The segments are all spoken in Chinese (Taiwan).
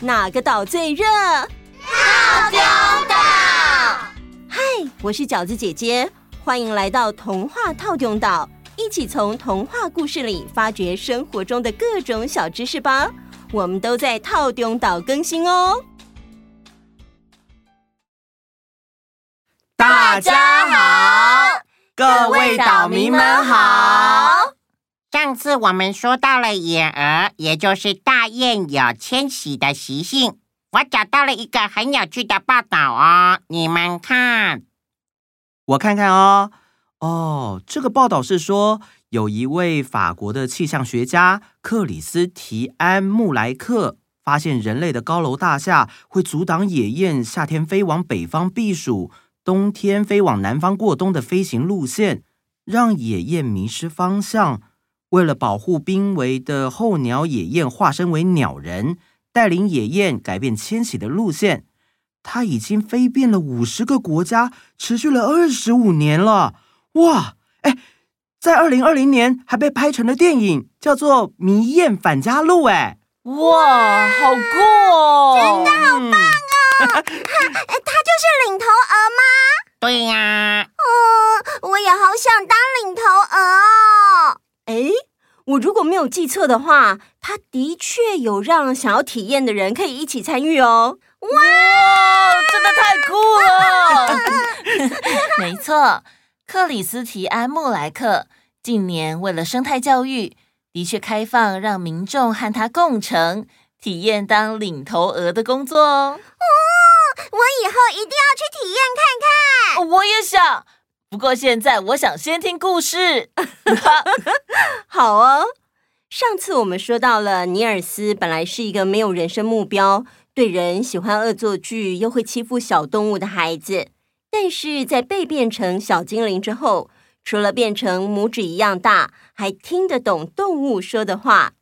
哪個島最熱？套丟島。嗨，我是餃子姐姐，歡迎來到童話套丟島，一起從童話故事裡發掘生活中的各種小知識吧。我們都在套丟島更新哦。大家好，各位島民們好。上次我們說到了野鵝，也就是大雁有遷徙的習性。我找到了一個很有趣的報道哦，你們看。我看看哦。哦，這個報道是說，有一位法國的氣象學家克里斯提安·穆萊克發現，人類的高樓大廈會阻擋野雁夏天飛往北方避暑、冬天飛往南方過冬的飛行路線，讓野雁迷失方向。為了保護瀕危的候鳥野雁化身為鳥人，帶領野雁改變遷徙的路線。他已經飛遍了五十個國家，持續了二十五年了。哇！哎，在二零二零年還被拍成了電影，叫做《迷雁返家路》誒。哎，哇，好酷哦！真的好棒哦！哈、嗯， 他就是領頭鵝嗎？對呀。嗯、呃，我也好想當領頭鵝哦。哎。我如果沒有記錯的話，他的確有讓想要體驗的人可以一起參與哦。哇，哇，真的太酷了！啊啊、 沒錯，克里斯提安·穆萊克近年為了生態教育，的確開放讓民眾和他共乘，體驗當領頭鵝的工作哦。哦，我以後一定要去體驗看看。我也想。不過現在，我想先聽故事。 好哦，上次我們說到了尼爾斯，本來是一個沒有人生目標、對人喜歡惡作劇又會欺負小動物的孩子，但是在被變成小精靈之後，除了變成拇指一樣大，還聽得懂動物說的話。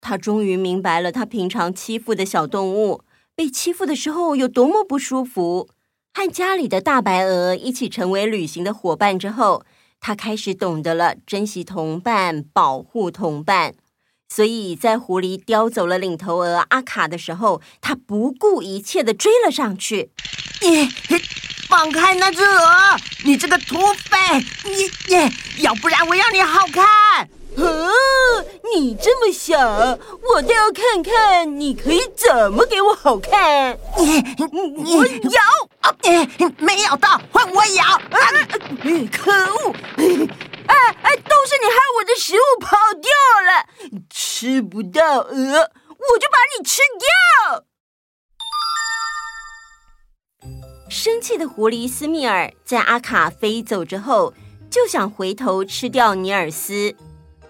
他終於明白了，他平常欺負的小動物被欺負的時候有多麼不舒服。和家裡的大白鵝一起成為旅行的夥伴之後，他開始懂得了珍惜同伴、保護同伴。所以在狐狸叼走了領頭鵝阿卡的時候，他不顧一切的追了上去。你放開那隻鵝！你這個土匪！你你，要不然我要你好看！啊、哦！你這麼小，我倒要看看你可以怎麼給我好看！你你你咬啊、哦！沒咬到，換我，我咬、啊！可惡！哎哎，都是你害我的食物跑掉了，吃不到鵝，我就把你吃掉！生氣的狐狸斯密爾在阿卡飛走之後，就想回頭吃掉尼爾斯。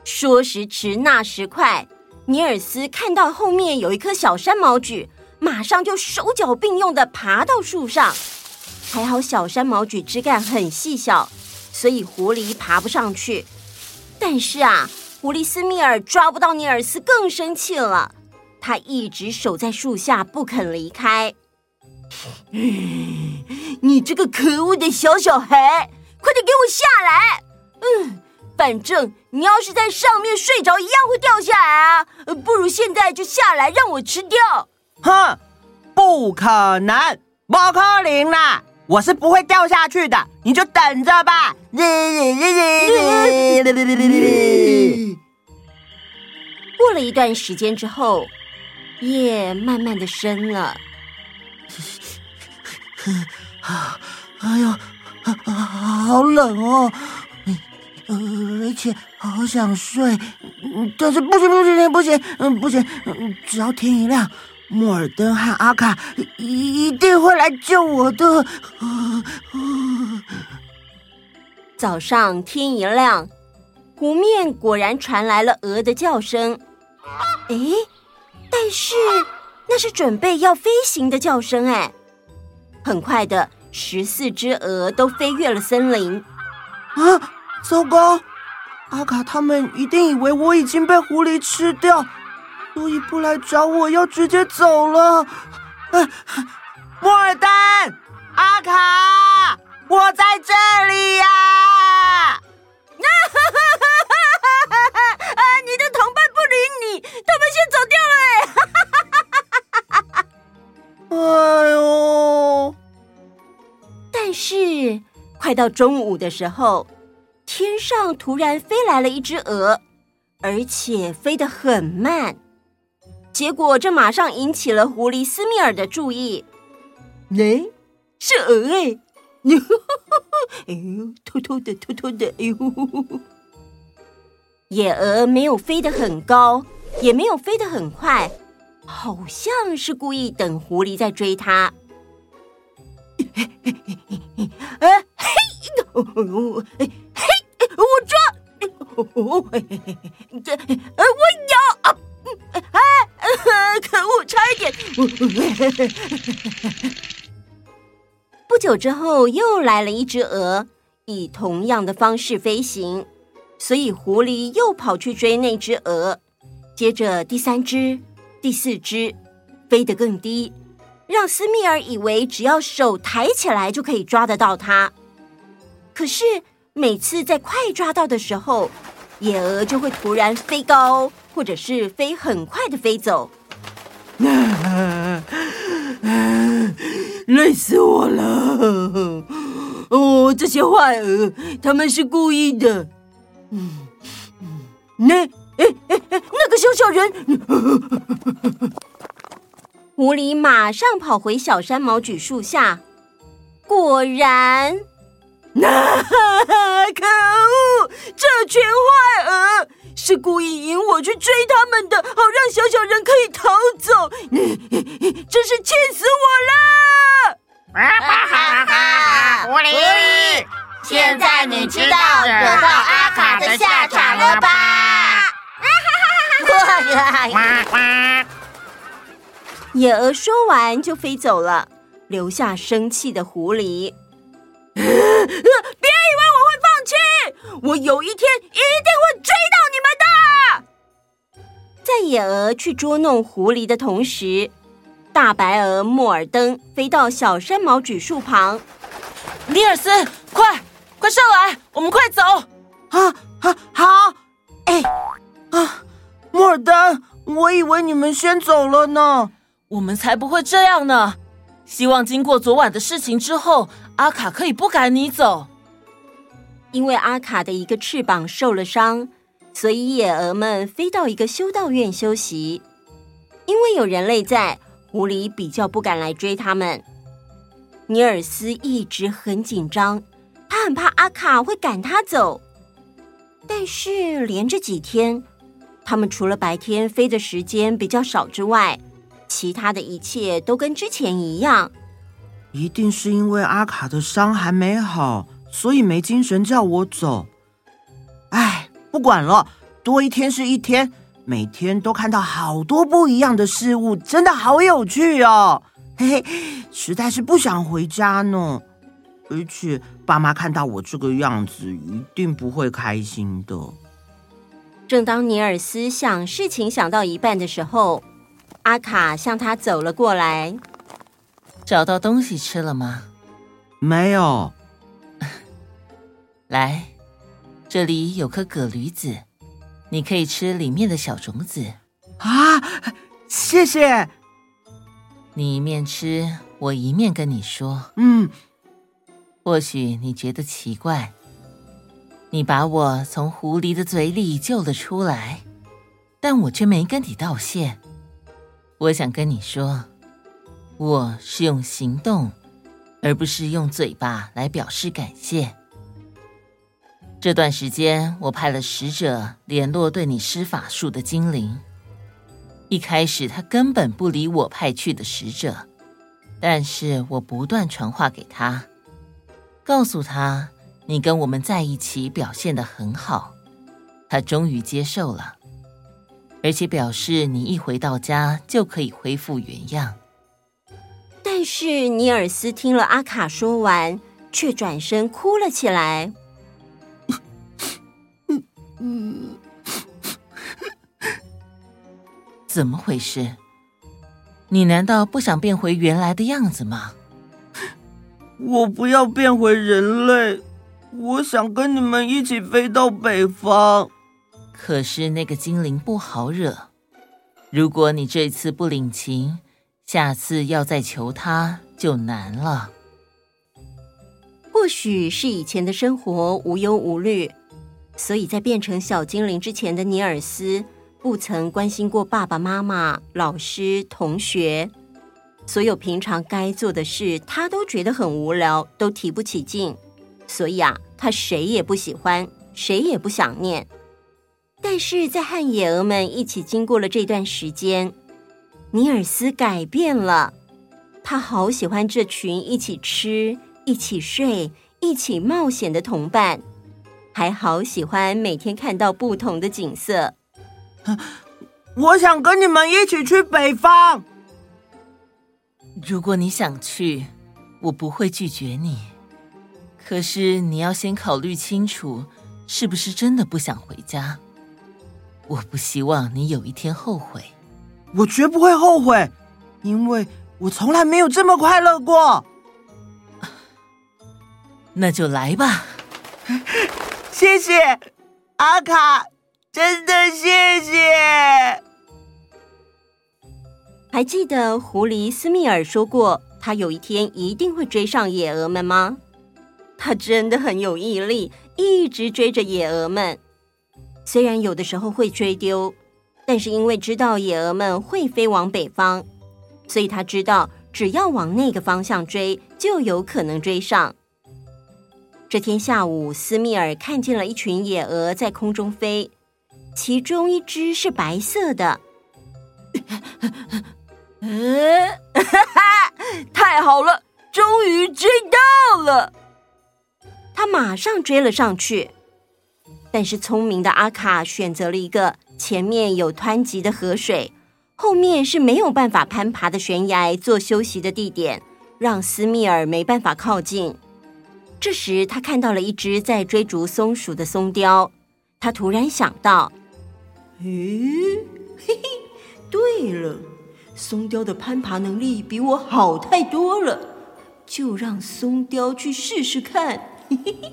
說時遲，那時快，尼爾斯看到後面有一棵小山毛櫸，馬上就手腳並用地爬到樹上。還好小山毛櫸枝幹很細小，所以狐狸爬不上去。但是啊，狐狸斯密爾抓不到尼爾斯，更生氣了。他一直守在樹下不肯離開，嗯。你這個可惡的小小孩，快點給我下來！嗯。反正你要是在上面睡着，一樣會掉下來啊！不如現在就下來，讓我吃掉。哼，不可能，莫克林啦，我是不會掉下去的，你就等着吧。過了一段時間之後，夜慢慢的深了。哎呦，好冷哦！而且好想睡，但是不行不行不行不行，不行，只要天一亮，莫爾登和阿卡一一定會來救我的。早上天一亮，湖面果然傳來了鵝的叫聲。哎，但是那是準備要飛行的叫聲哎。很快的，十四隻鵝都飛越了森林。啊，糟糕！阿卡，他們一定以為我已經被狐狸吃掉，所以不來找我，要直接走了。啊，莫爾丹，阿卡，我在這裡呀、啊！ 啊，你的同伴不理你，他們先走掉了。 哎呦！但是快到中午的時候。天上突然飛來了一隻鵝，而且飛得很慢。結果這馬上引起了狐狸斯密爾的注意。來、欸，是鵝、欸、 哎！偷偷的，偷偷的，哎呦！野鵝沒有飛得很高，也沒有飛得很快，好像是故意等狐狸在追它。哎、 啊、嘿！哎我抓，這……呃，我咬啊！哎，可惡，差一點！不久之後，又來了一隻鵝，以同樣的方式飛行，所以狐狸又跑去追那隻鵝。接着，第三隻、第四隻飛得更低，讓斯密爾以為只要手抬起來就可以抓得到它。可是。每次在快抓到的時候，野鵝就會突然飛高，或者是飛很快的飛走。 累死我了！哦，這些壞鵝，他們是故意的。嗯。那、欸……哎哎哎，那個小小人， 狐狸馬上跑回小山毛櫸樹下，果然。那、啊、可惡，這群壞鵝是故意引我去追他們的，好讓小小人可以逃走，嗯嗯、真是氣死我了！啊哈哈哈狐狸，現在你知道得到阿卡的下場了吧？哈哈哈！哈、啊、哈、啊啊。野鵝說完就飛走了，留下生氣的狐狸。別以為我會放棄，我有一天一定會追到你們的。在野鵝去捉弄狐狸的同時，大白鵝莫爾登飛到小山毛櫸樹旁。尼爾斯，快快上來，我們快走！啊啊，好。哎，啊，莫爾登，我以為你們先走了呢，我們才不會這樣呢。希望經過昨晚的事情之後。阿卡可以不趕你走，因為阿卡的一個翅膀受了傷，所以野鵝們飛到一個修道院休息。因為有人類在，狐狸比較不敢來追他們。尼爾斯一直很緊張，他很怕阿卡會趕他走。但是連着幾天，他們除了白天飛的時間比較少之外，其他的一切都跟之前一樣。一定是因為阿卡的傷還沒好，所以沒精神叫我走。哎，不管了，多一天是一天。每天都看到好多不一樣的事物，真的好有趣哦！嘿嘿，實在是不想回家呢。而且爸媽看到我這個樣子，一定不會開心的。正當尼爾斯想事情想到一半的時候，阿卡向他走了過來。找到東西吃了嗎？沒有。來，這裡有顆葛縷子，你可以吃裡面的小種子。啊，謝謝。你一面吃，我一面跟你說。嗯。或許你覺得奇怪，你把我從狐狸的嘴裡救了出來，但我卻沒跟你道謝。我想跟你說。我是用行動，而不是用嘴巴來表示感謝。這段時間，我派了使者聯絡對你施法術的精靈。一開始，他根本不理我派去的使者，但是我不斷傳話給他，告訴他你跟我們在一起表現得很好。他終於接受了，而且表示你一回到家就可以恢復原樣。是尼爾斯聽了阿卡說完，卻轉身哭了起來。怎麼回事？你難道不想變回原來的樣子嗎？我不要變回人類，我想跟你們一起飛到北方。可是那個精靈不好惹，如果你這次不領情，下次要再求他就難了。或許是以前的生活無憂無慮，所以在變成小精靈之前的尼爾斯不曾關心過爸爸媽媽、老師、同學，所有平常該做的事他都覺得很無聊，都提不起勁。所以啊，他誰也不喜歡，誰也不想念。但是在和野鵝們一起經過了這段時間，尼爾斯改變了，他好喜歡這群一起吃、一起睡、一起冒險的同伴，還好喜歡每天看到不同的景色。啊，我想跟你們一起去北方。如果你想去，我不會拒絕你。可是你要先考慮清楚，是不是真的不想回家？我不希望你有一天後悔。我絕不會後悔，因為我從來沒有這麼快樂過。那就來吧。 謝謝，阿卡，真的謝謝。還記得狐狸斯密爾說過，他有一天一定會追上野鵝們嗎？他真的很有毅力，一直追着野鵝們。雖然有的時候會追丟。但是因為知道野鵝們會飛往北方，所以他知道只要往那個方向追，就有可能追上。這天下午，斯密爾看見了一群野鵝在空中飛，其中一隻是白色的。嗯，哈哈，太好了，終於追到了！他馬上追了上去。但是聰明的阿卡選擇了一個。前面有湍急的河水，後面是沒有辦法攀爬的懸崖，做休息的地點，讓斯密爾沒辦法靠近。這時，他看到了一隻在追逐松鼠的松貂，他突然想到：“咦、哎，嘿嘿，對了，松貂的攀爬能力比我好太多了，就讓松貂去試試看。”嘿嘿嘿，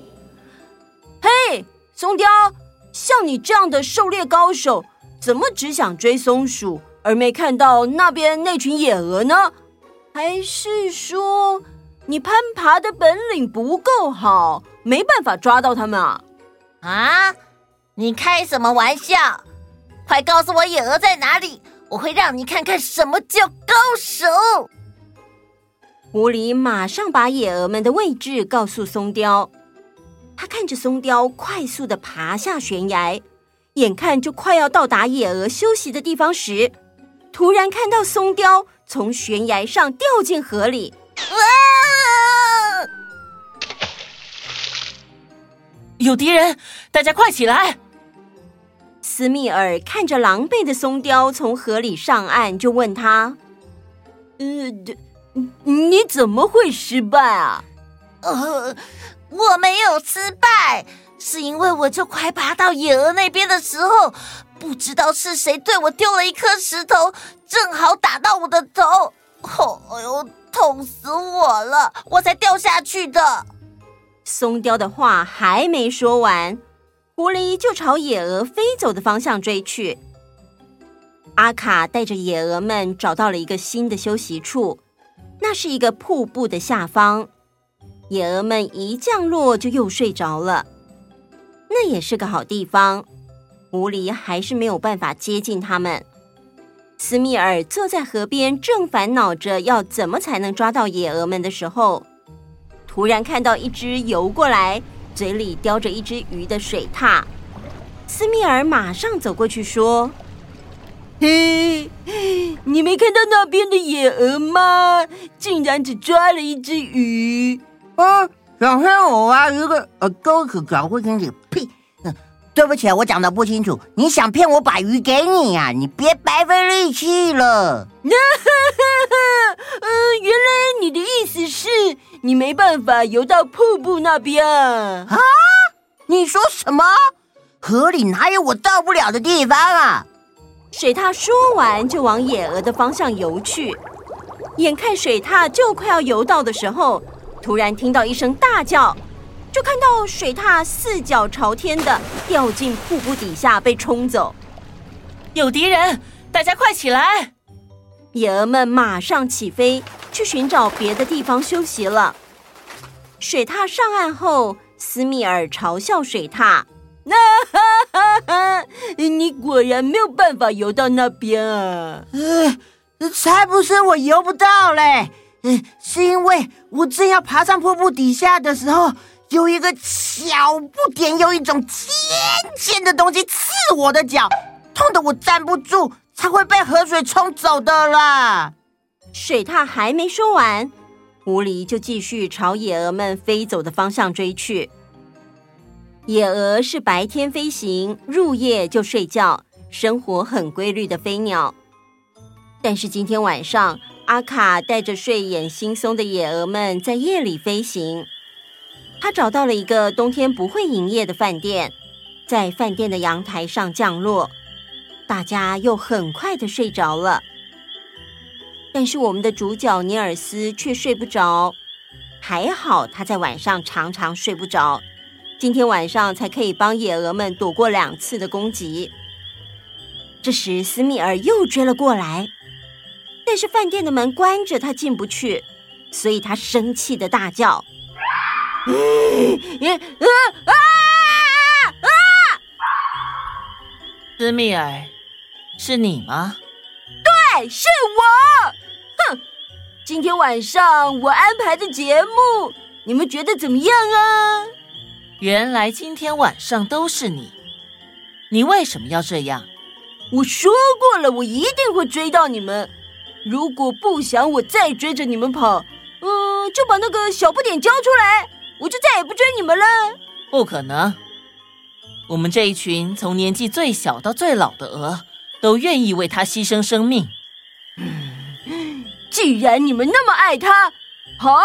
嘿，松貂。像你這樣的狩獵高手，怎麼只想追松鼠，而沒看到那邊那群野鵝呢？還是說你攀爬的本領不夠好，沒辦法抓到他們啊？啊！你開什麼玩笑？快告訴我野鵝在哪裡，我會讓你看看什麼叫高手。狐狸馬上把野鵝們的位置告訴松貂。他看着松雕快速的爬下懸崖，眼看就快要到達野鵝休息的地方時，突然看到松雕從懸崖上掉進河裡。啊！有敵人，大家快起來！斯密爾看着狼狽的松雕從河裡上岸，就問他：“呃，你怎麼會失敗啊？”呃。我沒有失敗，是因為我就快爬到野鵝那邊的時候，不知道是誰對我丟了一顆石頭，正好打到我的頭。吼，哎呦，痛死我了！我才掉下去的。松雕的話還沒說完，狐狸就朝野鵝飛走的方向追去。阿卡帶着野鵝們找到了一個新的休息處，那是一個瀑布的下方。野鵝們一降落就又睡着了，那也是個好地方。狐狸還是沒有辦法接近他們。斯密爾坐在河邊，正煩惱着要怎麼才能抓到野鵝們的時候，突然看到一只游過來，嘴裡叼着一只魚的水獺。斯密爾馬上走過去說：“嘿，你沒看到那邊的野鵝嗎？竟然只抓了一隻魚！”哦、想騙我啊！一個呃鈎子怎麼會跟你？呸、呃！對不起，啊，我講的不清楚。你想騙我把魚給你呀，啊？你別白費力氣了。那、 呃、原來你的意思是你沒辦法游到瀑布那邊啊，啊？你說什麼？河裡哪有我到不了的地方啊？水獺說完就往野鵝的方向游去。眼看水獺就快要游到的時候。突然聽到一聲大叫，就看到水獺四腳朝天的掉進瀑布底下被沖走。有敵人，大家快起來！野鵝們馬上起飛去尋找別的地方休息了。水獺上岸後，斯密爾嘲笑水獺：“ 你果然沒有辦法游到那邊啊！”“嗯，才不是，我游不到嘞。”嗯，是因為我正要爬上瀑布底下的時候，有一個小不點用一種尖尖的東西刺我的腳，痛得我站不住，才會被河水沖走的啦。水獺還沒說完，狐狸就繼續朝野鵝們飛走的方向追去。野鵝是白天飛行，入夜就睡覺，生活很規律的飛鳥。但是今天晚上，阿卡帶着睡眼惺忪的野鵝們在夜裡飛行，他找到了一個冬天不會營業的飯店，在飯店的陽台上降落，大家又很快的睡着了。但是我們的主角尼爾斯卻睡不着，還好他在晚上常常睡不着，今天晚上才可以幫野鵝們躲過兩次的攻擊。這時斯密爾又追了過來。但是飯店的門關着，他進不去，所以他生氣的大叫：“啊啊啊！”斯密爾，是你嗎？對，是我。哼，今天晚上我安排的節目，你們覺得怎麼樣啊？原來今天晚上都是你，你為什麼要這樣？我說過了，我一定會追到你們。如果不想我再追着你們跑，嗯，就把那個小不點交出來，我就再也不追你們了。不可能，我們這一群從年紀最小到最老的鵝，都願意為他犧牲生命。嗯，既然你們那麼愛他，好，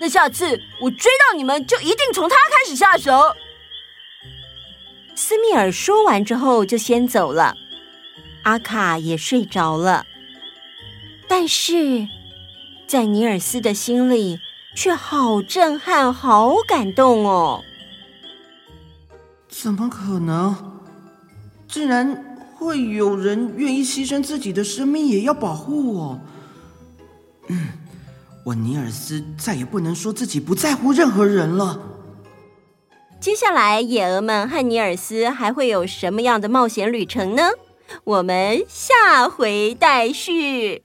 那下次我追到你們，就一定從他開始下手。斯密爾說完之後就先走了，阿卡也睡着了。但是，在尼爾斯的心裡，卻好震撼，好感動哦！怎麼可能？竟然會有人願意犧牲自己的生命也要保護我？嗯，我尼爾斯再也不能說自己不在乎任何人了。接下來，野鵝們和尼爾斯還會有什麼樣的冒險旅程呢？我們下回待續。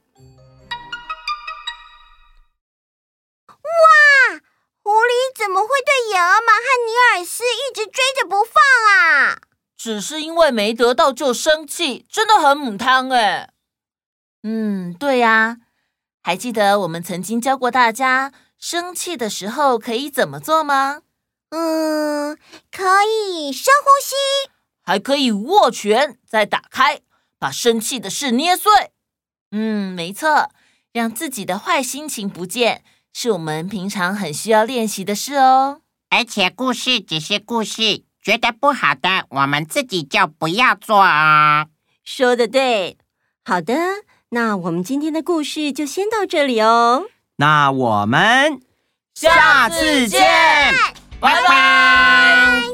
只是因為沒得到就生氣，真的很母湯哎。嗯，對呀、啊，還記得我們曾經教過大家，生氣的時候可以怎麼做嗎？嗯，可以深呼吸，還可以握拳再打開，把生氣的事捏碎。嗯，沒錯，讓自己的壞心情不見，是我們平常很需要練習的事哦。而且故事只是故事。覺得不好的，我們自己就不要做啊。說的對，好的，那我們今天的故事就先到這裡哦。那我們下次見，下次見。拜拜。拜拜。